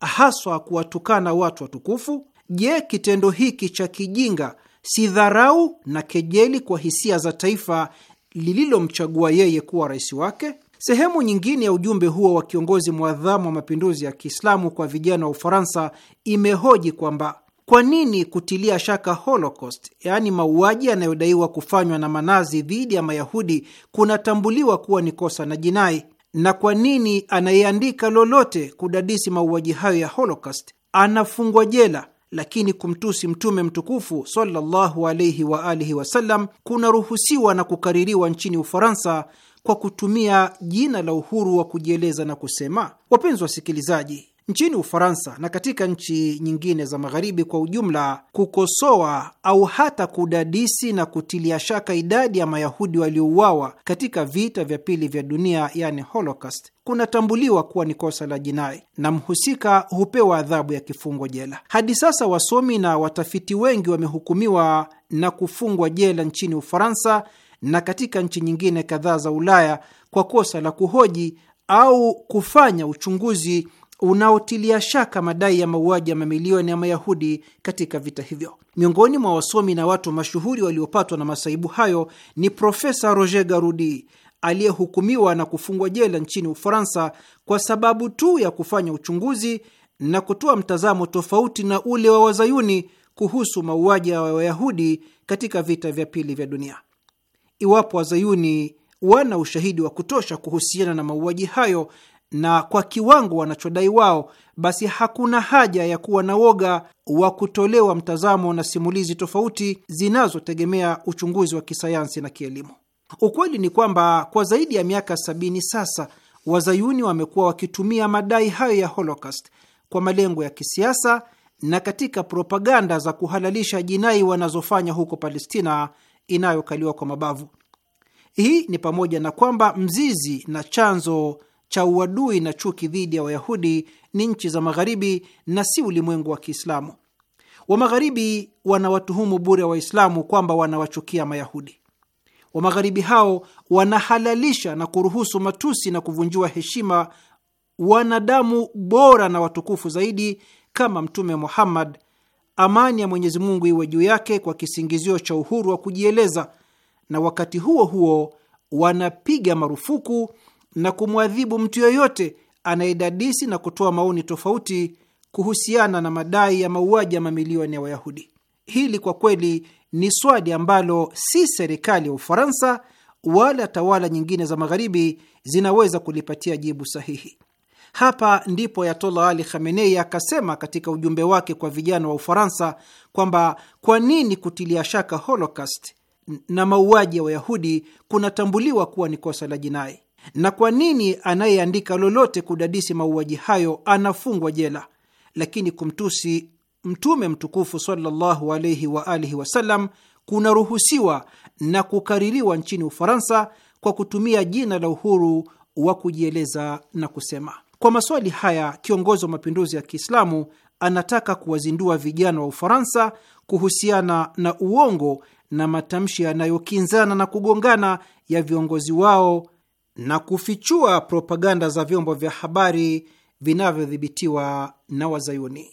haswa kuwatukana watu watukufu? Je, kitendo hiki cha kijinga si dharau na kejeli kwa hisia za taifa lililomchagua yeye kuwa rais wake? Sehemu nyingine ya ujumbe huo wa kiongozi mwadhamu wa mapinduzi ya Kiislamu kwa vijana wa Ufaransa imehoji kwamba kwa nini kutilia shaka Holocaust, yaani mauaji yanayodaiwa kufanywa na manazi dhidi ya Mayahudi, kunatambuliwa kuwa ni kosa na jinai, na kwa nini anayeandika lolote kudadisi mauaji hayo ya Holocaust anafungwa jela, lakini kumtusi Mtume mtukufu sallallahu alaihi waalihi wasallam kunaruhusiwa na kukaririwa nchini Ufaransa kwa kutumia jina la uhuru wa kujieleza na kusema. Wapenzi wasikilizaji, nchini Ufaransa na katika nchi nyingine za magharibi kwa ujumla, kukosoa au hata kudadisi na kutilia shaka idadi ya Mayahudi waliouawa katika vita vya pili vya dunia, yani Holocaust, kunatambuliwa kuwa ni kosa la jinai na mhusika hupewa adhabu ya kifungo jela. Hadi sasa wasomi na watafiti wengi wamehukumiwa na kufungwa jela nchini Ufaransa na katika nchi nyingine kadhaa za Ulaya kwa kosa la kuhoji au kufanya uchunguzi unaotilia shaka madai ya mauaji ya mamilioni ya Mayahudi katika vita hivyo. Miongoni mwa wasomi na watu mashuhuri waliopatwa na masaibu hayo ni Profesa Roger Garudi aliyehukumiwa na kufungwa jela nchini Ufaransa kwa sababu tu ya kufanya uchunguzi na kutoa mtazamo tofauti na ule wa Wazayuni kuhusu mauaji ya Wayahudi katika vita vya pili vya dunia iwapo wazayuni wana ushahidi wa kutosha kuhusiana na mauaji hayo na kwa kiwango wanachodai wao, basi hakuna haja ya kuwa na woga wa kutolewa mtazamo na simulizi tofauti zinazotegemea uchunguzi wa kisayansi na kielimu. Ukweli ni kwamba kwa zaidi ya miaka sabini sasa wazayuni wamekuwa wakitumia madai hayo ya Holocaust kwa malengo ya kisiasa na katika propaganda za kuhalalisha jinai wanazofanya huko Palestina inayokaliwa kwa mabavu. Hii ni pamoja na kwamba mzizi na chanzo cha uadui na chuki dhidi ya Wayahudi ni nchi za Magharibi na si ulimwengu wa Kiislamu. Wamagharibi wanawatuhumu bure Waislamu kwamba wanawachukia Mayahudi. Wamagharibi hao wanahalalisha na kuruhusu matusi na kuvunjiwa heshima wanadamu bora na watukufu zaidi kama Mtume Muhammad amani ya Mwenyezi Mungu iwe juu yake kwa kisingizio cha uhuru wa kujieleza, na wakati huo huo wanapiga marufuku na kumwadhibu mtu yoyote anayedadisi na kutoa maoni tofauti kuhusiana na madai ya mauaji ya mamilioni ya Wayahudi. Hili kwa kweli ni swali ambalo si serikali ya Ufaransa wala tawala nyingine za Magharibi zinaweza kulipatia jibu sahihi. Hapa ndipo Ayatollah Ali Khamenei akasema katika ujumbe wake kwa vijana wa Ufaransa kwamba kwa nini kutilia shaka Holocaust na mauaji ya Wayahudi kunatambuliwa kuwa ni kosa la jinai na kwa nini anayeandika lolote kudadisi mauaji hayo anafungwa jela, lakini kumtusi Mtume mtukufu sallallahu alaihi wa alihi wasallam kunaruhusiwa na kukaririwa nchini Ufaransa kwa kutumia jina la uhuru wa kujieleza na kusema. Kwa maswali haya, kiongozi wa mapinduzi ya Kiislamu anataka kuwazindua vijana wa Ufaransa kuhusiana na uongo na matamshi yanayokinzana na kugongana ya viongozi wao na kufichua propaganda za vyombo vya habari vinavyodhibitiwa na Wazayuni.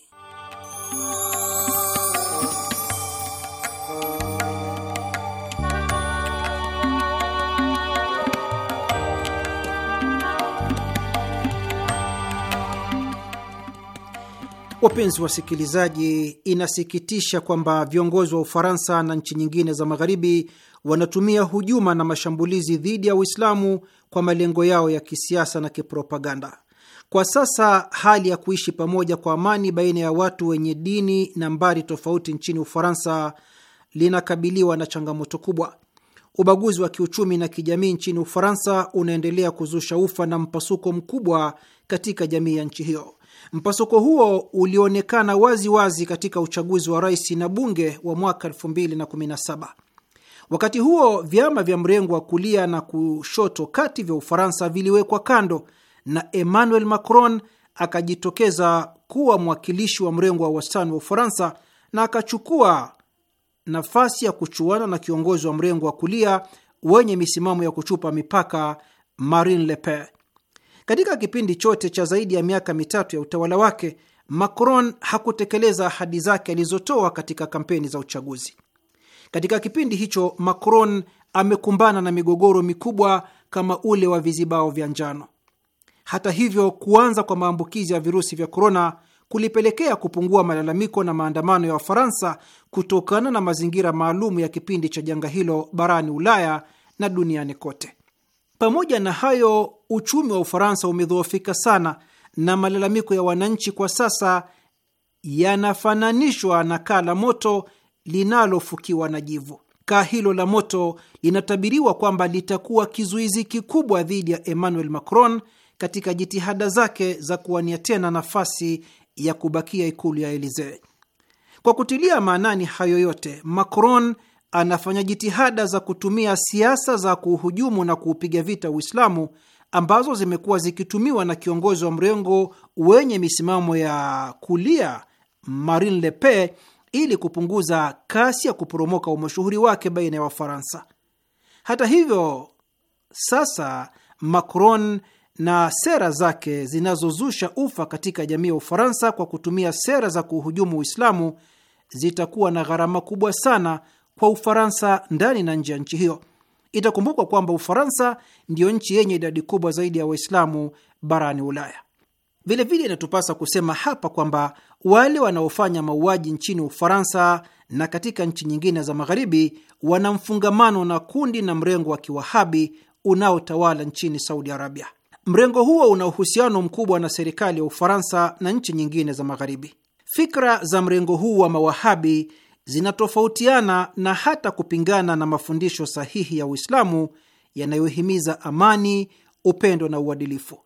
Wapenzi wasikilizaji, inasikitisha kwamba viongozi wa Ufaransa na nchi nyingine za Magharibi wanatumia hujuma na mashambulizi dhidi ya Uislamu kwa malengo yao ya kisiasa na kipropaganda. Kwa sasa hali ya kuishi pamoja kwa amani baina ya watu wenye dini na mbari tofauti nchini Ufaransa linakabiliwa na changamoto kubwa. Ubaguzi wa kiuchumi na kijamii nchini Ufaransa unaendelea kuzusha ufa na mpasuko mkubwa katika jamii ya nchi hiyo. Mpasuko huo ulionekana wazi wazi katika uchaguzi wa rais na bunge wa mwaka 2017. Wakati huo vyama vya mrengo wa kulia na kushoto kati vya Ufaransa viliwekwa kando na Emmanuel Macron akajitokeza kuwa mwakilishi wa mrengo wa wastani wa Ufaransa na akachukua nafasi ya kuchuana na kiongozi wa mrengo wa kulia wenye misimamo ya kuchupa mipaka Marine Le Pen. Katika kipindi chote cha zaidi ya miaka mitatu ya utawala wake, Macron hakutekeleza ahadi zake alizotoa katika kampeni za uchaguzi. Katika kipindi hicho, Macron amekumbana na migogoro mikubwa kama ule wa vizibao vya njano. Hata hivyo, kuanza kwa maambukizi ya virusi vya korona kulipelekea kupungua malalamiko na maandamano ya Wafaransa kutokana na mazingira maalum ya kipindi cha janga hilo barani Ulaya na duniani kote. Pamoja na hayo, uchumi wa Ufaransa umedhoofika sana na malalamiko ya wananchi kwa sasa yanafananishwa na kaa la moto linalofukiwa na jivu. Kaa hilo la moto linatabiriwa kwamba litakuwa kizuizi kikubwa dhidi ya Emmanuel Macron katika jitihada zake za kuwania tena nafasi ya kubakia ikulu ya Elisee. Kwa kutilia maanani hayo yote, Macron anafanya jitihada za kutumia siasa za kuuhujumu na kuupiga vita Uislamu ambazo zimekuwa zikitumiwa na kiongozi wa mrengo wenye misimamo ya kulia Marine Le Pen ili kupunguza kasi ya kuporomoka umashuhuri wake baina ya Wafaransa. Hata hivyo, sasa Macron na sera zake zinazozusha ufa katika jamii ya Ufaransa kwa kutumia sera za kuhujumu Uislamu zitakuwa na gharama kubwa sana kwa Ufaransa ndani na nje ya nchi hiyo. Itakumbukwa kwamba Ufaransa ndiyo nchi yenye idadi kubwa zaidi ya Waislamu barani Ulaya. Vilevile inatupasa kusema hapa kwamba wale wanaofanya mauaji nchini Ufaransa na katika nchi nyingine za Magharibi wana mfungamano na kundi na mrengo wa kiwahabi unaotawala nchini Saudi Arabia. Mrengo huo una uhusiano mkubwa na serikali ya Ufaransa na nchi nyingine za Magharibi. Fikra za mrengo huu wa mawahabi zinatofautiana na hata kupingana na mafundisho sahihi ya Uislamu yanayohimiza amani, upendo na uadilifu.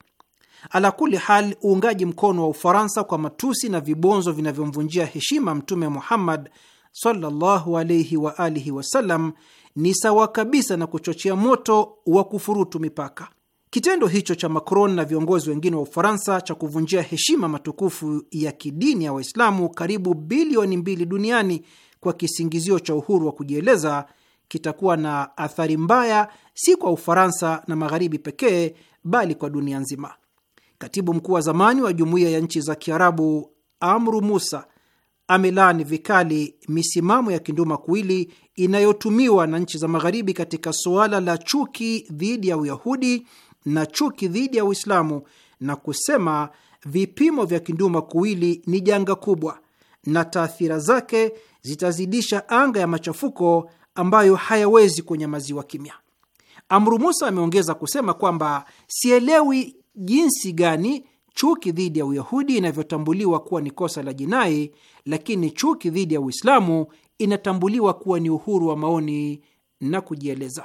Ala kuli hal, uungaji mkono wa Ufaransa kwa matusi na vibonzo vinavyomvunjia heshima Mtume Muhammad sallallahu alayhi wa alihi wasallam ni sawa kabisa na kuchochea moto wa kufurutu mipaka. Kitendo hicho cha Macron na viongozi wengine wa Ufaransa cha kuvunjia heshima matukufu ya kidini ya Waislamu karibu bilioni mbili duniani kwa kisingizio cha uhuru wa kujieleza kitakuwa na athari mbaya, si kwa Ufaransa na Magharibi pekee, bali kwa dunia nzima. Katibu mkuu wa zamani wa Jumuiya ya Nchi za Kiarabu Amru Musa amelaani vikali misimamo ya kinduma kuili inayotumiwa na nchi za Magharibi katika suala la chuki dhidi ya Uyahudi na chuki dhidi ya Uislamu na kusema vipimo vya kinduma kuwili ni janga kubwa na taathira zake zitazidisha anga ya machafuko ambayo hayawezi kunyamaziwa kimya. Amru Musa ameongeza kusema kwamba sielewi jinsi gani chuki dhidi ya Uyahudi inavyotambuliwa kuwa ni kosa la jinai, lakini chuki dhidi ya Uislamu inatambuliwa kuwa ni uhuru wa maoni na kujieleza.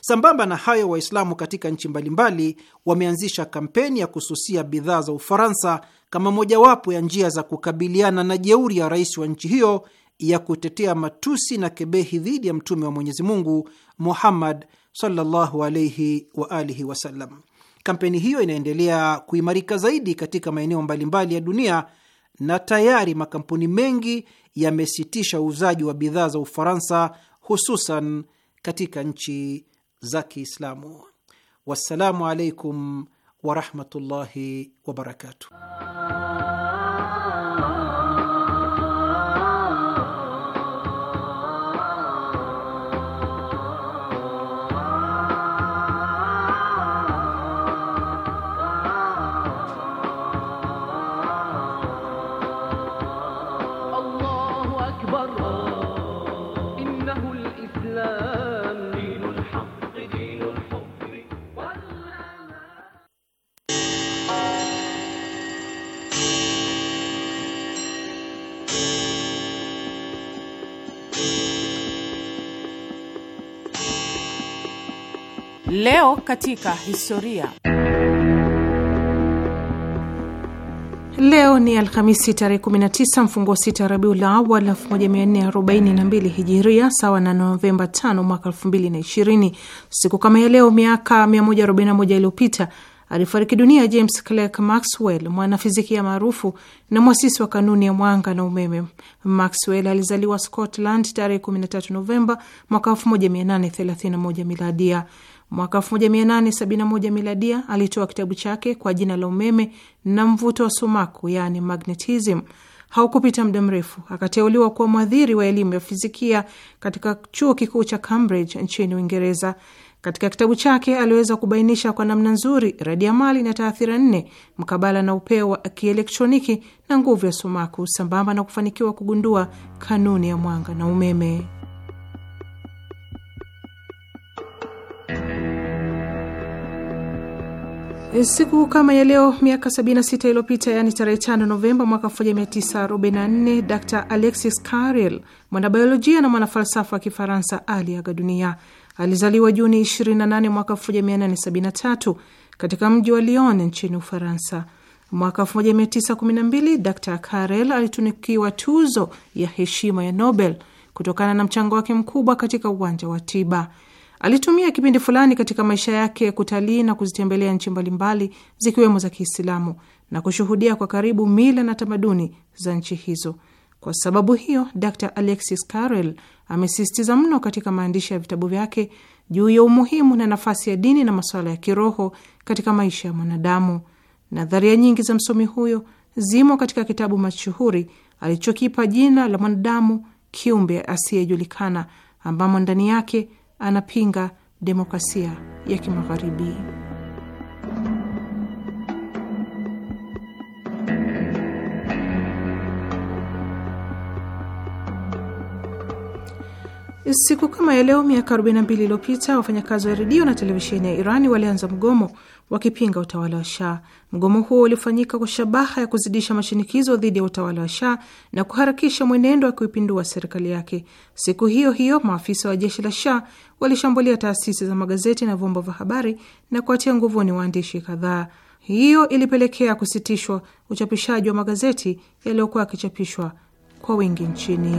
Sambamba na hayo, Waislamu katika nchi mbalimbali wameanzisha kampeni ya kususia bidhaa za Ufaransa kama mojawapo ya njia za kukabiliana na jeuri ya rais wa nchi hiyo ya kutetea matusi na kebehi dhidi ya mtume wa Mwenyezi Mungu Muhammad sallallahu alaihi wa alihi wasallam. Kampeni hiyo inaendelea kuimarika zaidi katika maeneo mbalimbali ya dunia na tayari makampuni mengi yamesitisha uuzaji wa bidhaa za Ufaransa, hususan katika nchi za Kiislamu. Wassalamu alaikum warahmatullahi wabarakatuh. Leo katika historia. Leo ni Alhamisi tarehe 19 mfungo sita Rabiul Awal 1442 Hijiria, sawa na Novemba 5 mwaka 2020. Siku kama ya leo miaka 141 iliyopita alifariki dunia James Clerk Maxwell, mwanafizikia maarufu na mwasisi wa kanuni ya mwanga na umeme. Maxwell alizaliwa Scotland tarehe 13 Novemba mwaka 1831 miladia. Mwaka 1871 miladia alitoa kitabu chake kwa jina la umeme na mvuto wa sumaku, yaani magnetism. Haukupita muda mrefu akateuliwa kuwa mwadhiri wa elimu ya fizikia katika chuo kikuu cha Cambridge nchini Uingereza. Katika kitabu chake aliweza kubainisha kwa namna nzuri radiamali na taathira nne mkabala na upeo wa kielektroniki na nguvu ya sumaku, sambamba na kufanikiwa kugundua kanuni ya mwanga na umeme. E, siku kama ya leo miaka 76 iliyopita, yaani tarehe 5 Novemba mwaka 1944, Dr Alexis Carrel, mwanabiolojia na mwanafalsafa wa Kifaransa, aliaga dunia. Alizaliwa Juni 28 mwaka 1873 katika mji wa Lyon nchini Ufaransa. Mwaka 1912 Dr Carrel alitunikiwa tuzo ya heshima ya Nobel kutokana na mchango wake mkubwa katika uwanja wa tiba. Alitumia kipindi fulani katika maisha yake kutalii na kuzitembelea nchi mbalimbali zikiwemo za Kiislamu na kushuhudia kwa karibu mila na tamaduni za nchi hizo. Kwa sababu hiyo, Dr Alexis Carrel amesisitiza mno katika maandishi ya vitabu vyake juu ya umuhimu na nafasi ya dini na masuala ya kiroho katika maisha ya mwanadamu. Nadharia nyingi za msomi huyo zimo katika kitabu mashuhuri alichokipa jina la Mwanadamu Kiumbe Asiyejulikana, ambamo ndani yake anapinga demokrasia ya kimagharibi. Siku kama ya leo miaka 42 iliyopita wafanyakazi wa redio na televisheni ya Irani walianza mgomo wakipinga utawala wa Shah. Mgomo huo ulifanyika kwa shabaha ya kuzidisha mashinikizo dhidi ya utawala wa Shah na kuharakisha mwenendo wa kuipindua serikali yake. Siku hiyo hiyo, maafisa wa jeshi la Shah walishambulia taasisi za magazeti na vyombo vya habari na kuwatia nguvuni waandishi kadhaa. Hiyo ilipelekea kusitishwa uchapishaji wa magazeti yaliyokuwa yakichapishwa kwa wingi nchini.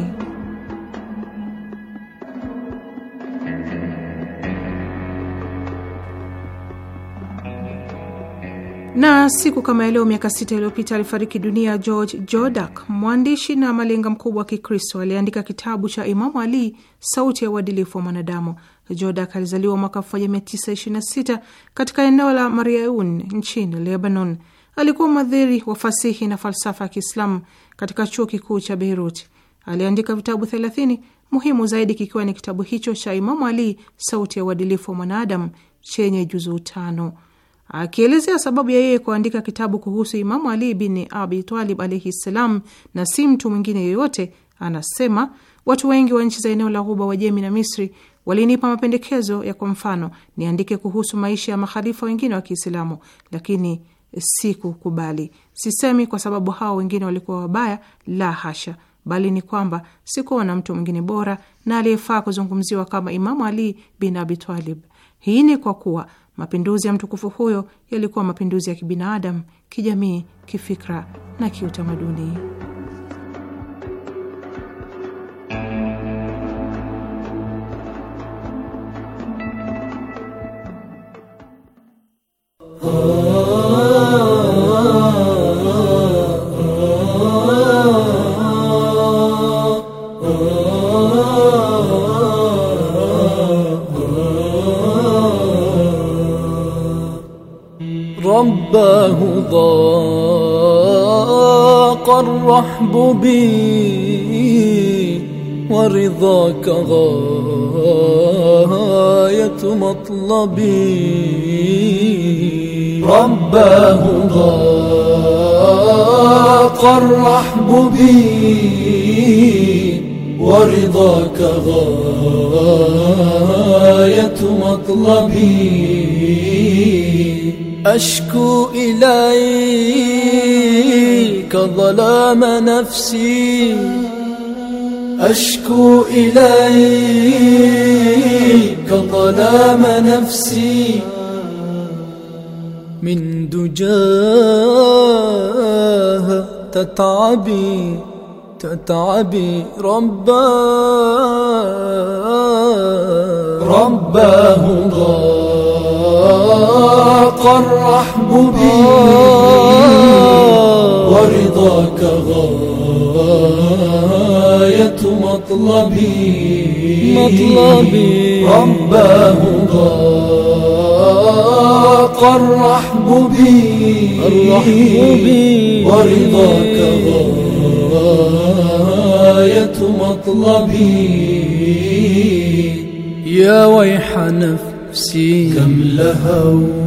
Na siku kama leo miaka sita iliyopita alifariki dunia George jodak mwandishi na malenga mkubwa wa Kikristo. Aliandika kitabu cha Imamu Ali, sauti ya uadilifu wa mwanadamu. jodak alizaliwa mwaka 1926 katika eneo la Mariaun nchini Lebanon. Alikuwa mwadhiri wa fasihi na falsafa ya Kiislamu katika chuo kikuu cha Beirut. Aliandika vitabu 30 muhimu zaidi kikiwa ni kitabu hicho cha Imamu Ali, sauti ya uadilifu wa mwanadamu chenye juzuu tano. Akielezea sababu ya yeye kuandika kitabu kuhusu Imamu Ali bin Abi Talib alaihi ssalam, na si mtu mwingine yoyote, anasema watu wengi wa nchi za eneo la Ghuba, Wajemi na Misri walinipa mapendekezo ya, kwa mfano, niandike kuhusu maisha ya mahalifa wengine wa Kiislamu, lakini sikukubali. Sisemi kwa sababu hao wengine walikuwa wabaya, la hasha, bali ni kwamba sikuona mtu mwingine bora na aliyefaa kuzungumziwa kama Imamu Ali bin Abi Talib. Hii ni kwa kuwa Mapinduzi ya mtukufu huyo yalikuwa mapinduzi ya kibinadamu, kijamii, kifikra na kiutamaduni. الرحب بي ورضاك غاية مطلبي رباه ضاق الرحب بي ورضاك غاية مطلبي أشكو إليك ظلام نفسي أشكو إليك ظلام نفسي من دجاها تتعبي تتعبي رباه رباه ضاق الرحم بي ورضاك غاية مطلبي مطلبي رباه ضاق الرحب بي الرحب بي ورضاك غاية مطلبي يا ويح نفسي كم لهوت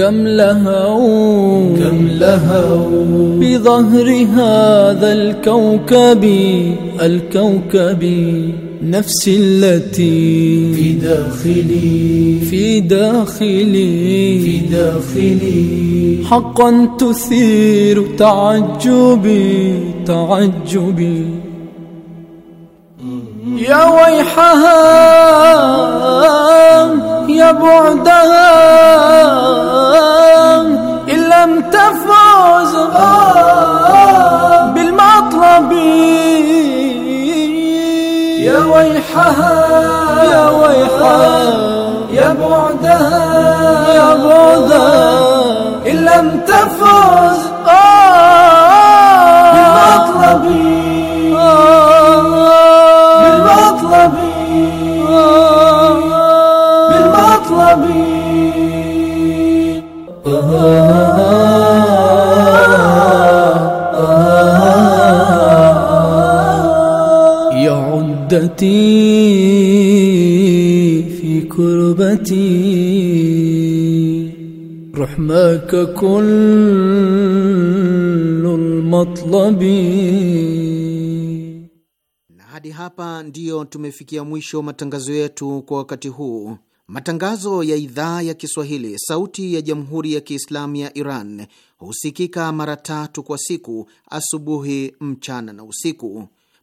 كم لهوا كم لهوا بظهر هذا الكوكب الكوكب نفسي التي في داخلي في داخلي في داخلي حقا تثير تعجبي تعجبي يا ويحها يا بعدها إن لم تفوز بالمطلب يا ويحها يا ويحها يا بعدها يا بعدها إن لم تفوز بالمطلب رحمتي في كربتي رحمك كل المطلب na hadi hapa ndiyo tumefikia mwisho matangazo yetu kwa wakati huu Matangazo ya idhaa ya Kiswahili sauti ya jamhuri ya Kiislamu ya Iran husikika mara tatu kwa siku: asubuhi, mchana na usiku.